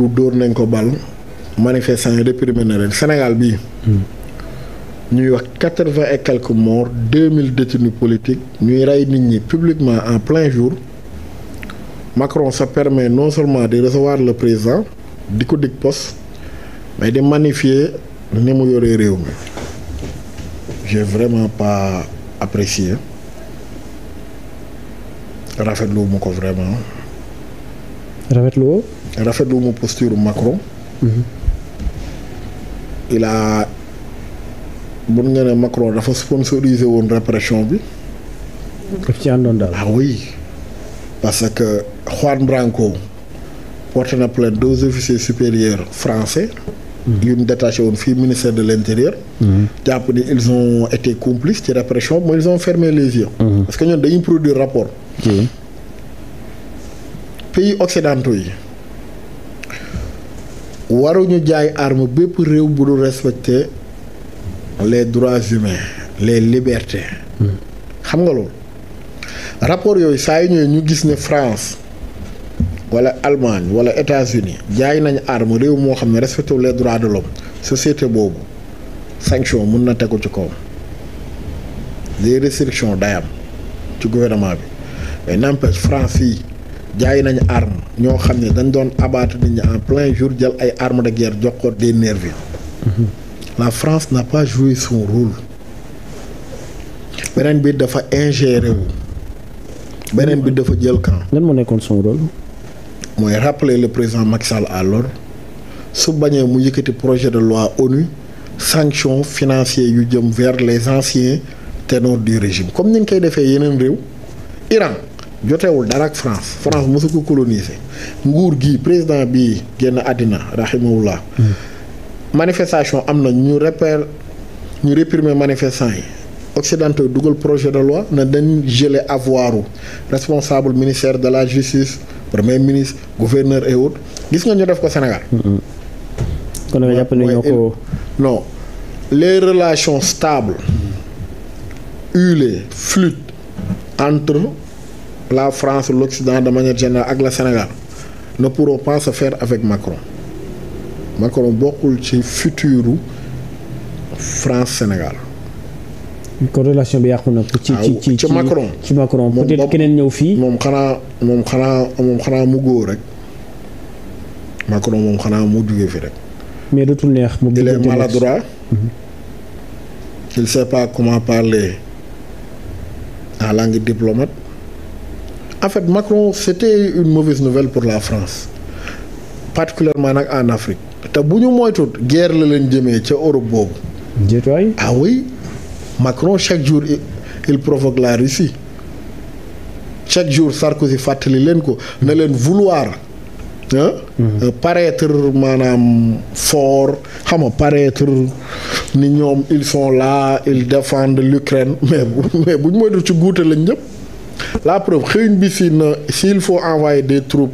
dóor nañ ko bal manifestant yi réprimé na leen Sénégal bii. ñuy wax quatre vingt et quelques morts deux mille détenus politiques ñuy rey nit ñi publiquement en plein jour Macron ça permet non seulement di recevoir le président di ko dig poste mais de magnifier ni mu yoree réew mi j'ai vraiment pas apprécié rafetlu mu ko vraiment. rafetlu rafetlu mu posture Macron. il a mun nga ne Macron dafa sponsorisé woon répression bi. daf ci àndoon daal. Ah parce que Juan Branco porte na plainte deux officiers supérieurs français. yu mm. ñu détaché woon fii ministère de l' intérieur. Mm. jàpp ni ils ont été complices ci répression mooy ils ont fermé les yeux. Mm. parce que ñoom dañuy produire rapport. pays occidentaux yi. waruñu jaay arme bépp réew bu dul respecter les droits humains les libertés. xam nga loolu rapport yooyu saa yu ñëwee ñu gis ni France wala Allemagne wala États-Unis jaay nañ arme réew moo xam ne respecté les droits de l'homme société boobu sanction mun na tegu ci kawam des restrictions day am ci gouvernement bi mais France yi jaay nañu arme ñoo xam ne dañ doon abattre nit ñi en plein jour jël ay armes de guerre jox ko des nervis mhm. la France n'a pas joué son rôle beneen bi dafa ingéré wu beneen bi dafa jël camp. lan moo nekkoon son rôle. mooy rappeler le président Macky Sall à l'ordre su bañee mu yëkkati projet de loi ONU sanction financières yu jëm vers les anciens ténors du régime comme ni ñu koy defee yeneen réew Iran. jotewul dara ak France France mosu ko coloniser nguur gi président bi génn àddina rahimahullah hmm. manifestation am na ñu repère ñu réprimer manifestant yi occidentaux dugal projet de loi na dañ geler avoiru responsable ministère de la justice premier ministre gouverneur et autres gis nga ñu def ko Sénégal hmm, hmm. kon nga jàpp ne ñoo les relations stables huilées fluides entre la France l'Occident de manière générale ak la Sénégal ne pourront pas se faire avec Macron Macron bokkul ci futuru France Sénégal. kon relation bi yàqu na. ci ah, ci Macron ci Macron peut-être keneen ñëw fii. moom xanaa moom xanaa moom xanaa mu góor rek Macron moom xanaa mu jóge fi rek. mais dootul neex mu. il est maladroit. Mhm. il sait pas comment parler en langue diplomate. en fait Macron c'était une mauvaise nouvelle pour la France particulièrement nag en Afrique te bu ñu moytuwut guerre la leen jëmee ca Europe boobu. njëriñ ah Macron chaque jour il provoque la Russie chaque jour Sarkozy fàttali leen ko na leen vouloir. ah. maanaam fort xama nga paraître ni ñoom ils sont là ils défendent l'Ukraine mais mais bu ñu moytuwut ci guute lañ ñëpp. la preuve xëyuñ bi si na s'il faut envoyé des troupes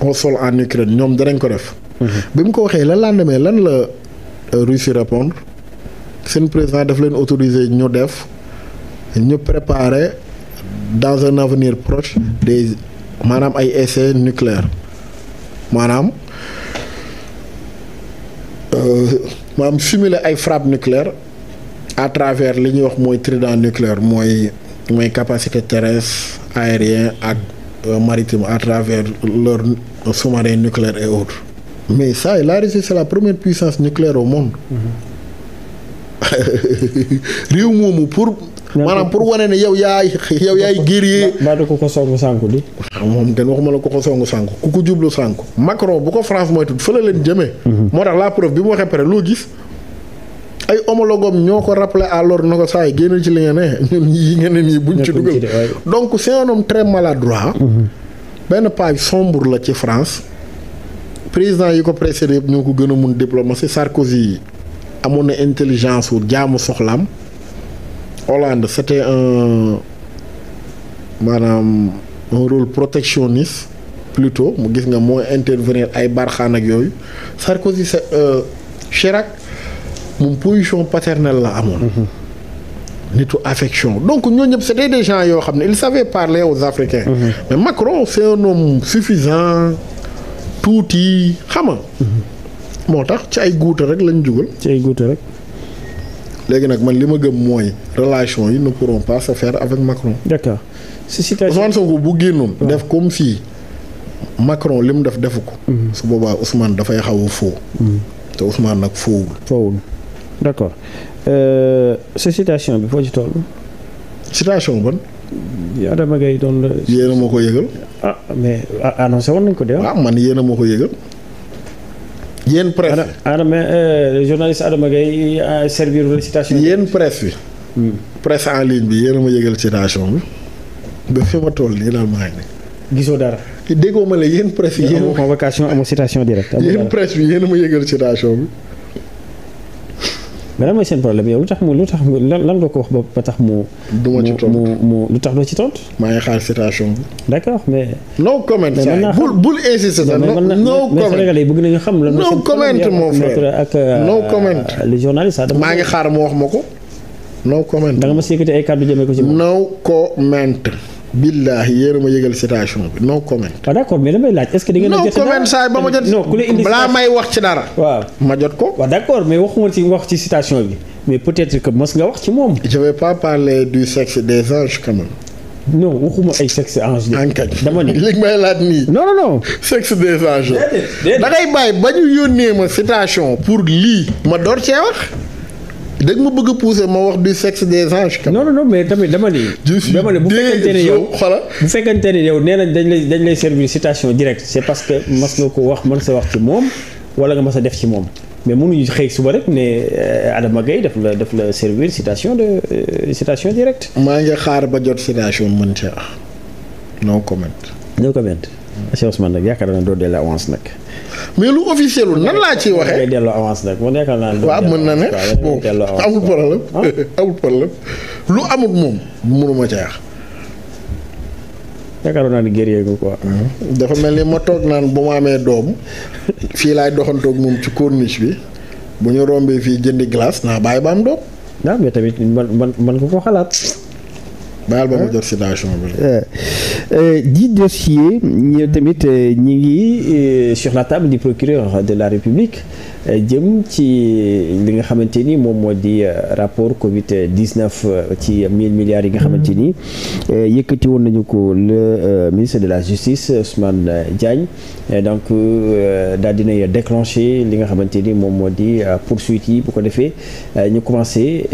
au sol en Ukraine ñoom danañ ko def. Mhm. bi mu ko waxee lan lendemain lan la euh, Russie répondre seen président daf leen autoriser ñu def ñu préparer dans un avenir proche des maanaam ay essais nucléaires maanaam euh, maanaam simuler ay frappe nucléaire à travers li ñuy wax mooy trident nucléaire mooy. mooy capacité terrestre aérien ak euh, maritime à travers leur sous-marin nucléaire et autres mais ça la Russie c'est la première puissance nucléaire au monde mm-hmm. réew moomu pour maanaam pour wane ne yow yaay yow yaay guerrier ba da ko ko songu sànku di ah, moom ten waxuma la ko ko songu sànku ku ko jublu sànku Macron bu ko France mooy tudd fële leen jëmee mm-hmm. moo tax la preuve bi mu waxee pare loo gis ay homologues ñoo ko rappelé à l'ordre na ko saa yi génn ci li nga ne ñun yi nga ne nii buñ ci dugal donc c'est un maladroit mm-hmm. benn page sombre la ci France président yi ko précédé yëpp ñoo ko gën a mun diplomatie Sarkozy amoon na intelligence wu jaamu soxlaam Hollande c'était un maanaam un rôle protectionniste pluto mu gis nga mooy intervenir ay barxaan ak yooyu Sarkozy c'est euh, Chirac moom position paternelle la amoon. Mhm. nitu affection donc ñoo ñëpp c'était des gens yoo xam ne ils savait parler aux Africains. Mhm. mais Macron c'est un homme suffisant tuuti xam nga mhm. moo tax ci ay guute rek lañ jugal. ci ay guute rek. léegi nag man li ma gëm mooy relation yi ne pourront pas se faire avec Macron. d'accord bu génnoon. def comme si Macron li mu def defu ko. su boobaa Ousmane dafay xaw foo te Ousmane nag faux wul. d' accord euh, sa citation bi foo ci toll. citation bon. Adama Gaye doon la. yéen moo ko yëgal. ah mais ah, annoncé woon nañ ko de ah. waaw man yéen a moo ko yëgal. yéen presse bi Adama euh, journaliste Adama Gaye servir la citation. yéen presse bi. Hmm. presse en ligne bi yéen a ma yëgal citation bi. ba fi ma toll nii daal maa ngi ne. gisoo dara. déggoo ma la yéen presse yi. yéen convocation amul citation directe. yéen presse bi yéen a ma yëgal citation bi. mais lan mooy seen problème yow lu tax mu lu tax lan nga ko wax ba tax mu. du ma ci tontu mu mu lu tax doo ci tontu. maa ngi xaar citation bi. d' accord mais. no comment saa yi bul bul insister sax. no comment mais Sénégalais euh, ah, maa ngi xaar mu wax ma ko. no comment da nga ma si yëkkati ay kàddu jëmee ko ci. no comment. billaahi yéen a ma yëgal citation bi no comment. waaw ah, d'accord mais damay laaj est-ce que. da ngeen a ba may wax ci dara. waaw ma jot ko. waaw d'accord mais waxuma ci wax ci citation bi mais peut-être nga wax ci moom. je vais pas parler du sexe des anges quand même. non waxuma ay sexe ange de. dama ni li may laaj nii. non non non. ba ñu yónnee ma citation pour lii. ma door cee wax. dégg ma bëgg a pousser ma wax du sexe des anges. non non non mais tamit dama ni. dama ni bu fekkente ne yow bu fekkente ne yow nee nañ dañ lay dañ lay servir citation directe c'est parce que mas nga ko wax mën sa wax ci moom wala nga mas a def ci moom. mais mënuñu xëy suba rek ne euh, Adama Gaye daf la daf la servir citation de euh, citation directe. maa ngi xaar ba jot citation mën cee wax no comment. no comment. Cheikh man nag yaakaar naa doo delloo avance nag. mais lu officiel nan laa ciy waxee. ngay delloo nag man yaakaar naa. waaw mën na ne bon amul la ah, ah. amul problème lu amul moom mënuma caa wax. yaakaaroon naa ni guerrier gu quoi. Ah. dafa mel ni ma toog naan bu ma amee doom fii laay doxantoog moom ci corniche bi bu ñu rombee fii jëndi glace naa bàyyi ba am doom. waaw mais tamit man man ko xalaat. baal ba ma jot situation bi. Eh. Euh, di dossier ñu tamit euh, ñi ngi euh, sur la table du procureur de la République jëm ci li nga xamante ni moom moo di rapport Covid 19 ci 1000 milliards yi nga xamante ni yëkkati woon nañu ko le ministre de la justice Ousmane Diagne donc daal dinay déclenché li nga xamante ni moom moo di poursuite yi bu ko defee ñu commencé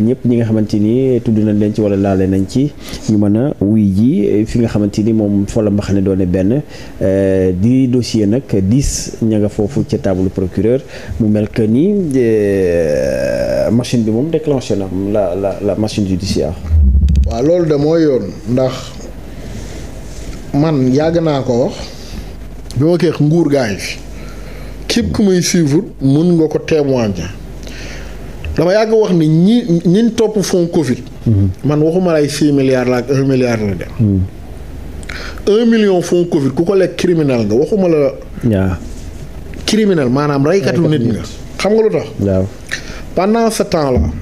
ñëpp ñi nga xamante ni tudd nañ leen ci wala laale nañ ci ñu mën a wuy ji fi nga xam xamante ni moom fa la mbaxane doone benn euh, di dossier nag dix ña foofu ca table procureur mu mel que ni euh, machine bi moom déclenché na la la la machine judiciaire. waaw loolu de mooy yoon ndax man yàgg naa ko wax. bi ma keex nguur gaa fi képp ku muy suivre mun nga ko témoigner dama yàgg wax ni ñi ñiñ topp fond Covid. Mm-hmm. man waxuma lay six milliards la ak un milliard la dem. Mm-hmm. un million fonds Covid ku ko lekk criminel nga waxuma la. waaw. criminel maanaam reykatu nit nga. xam nga lu tax. waaw pendant ce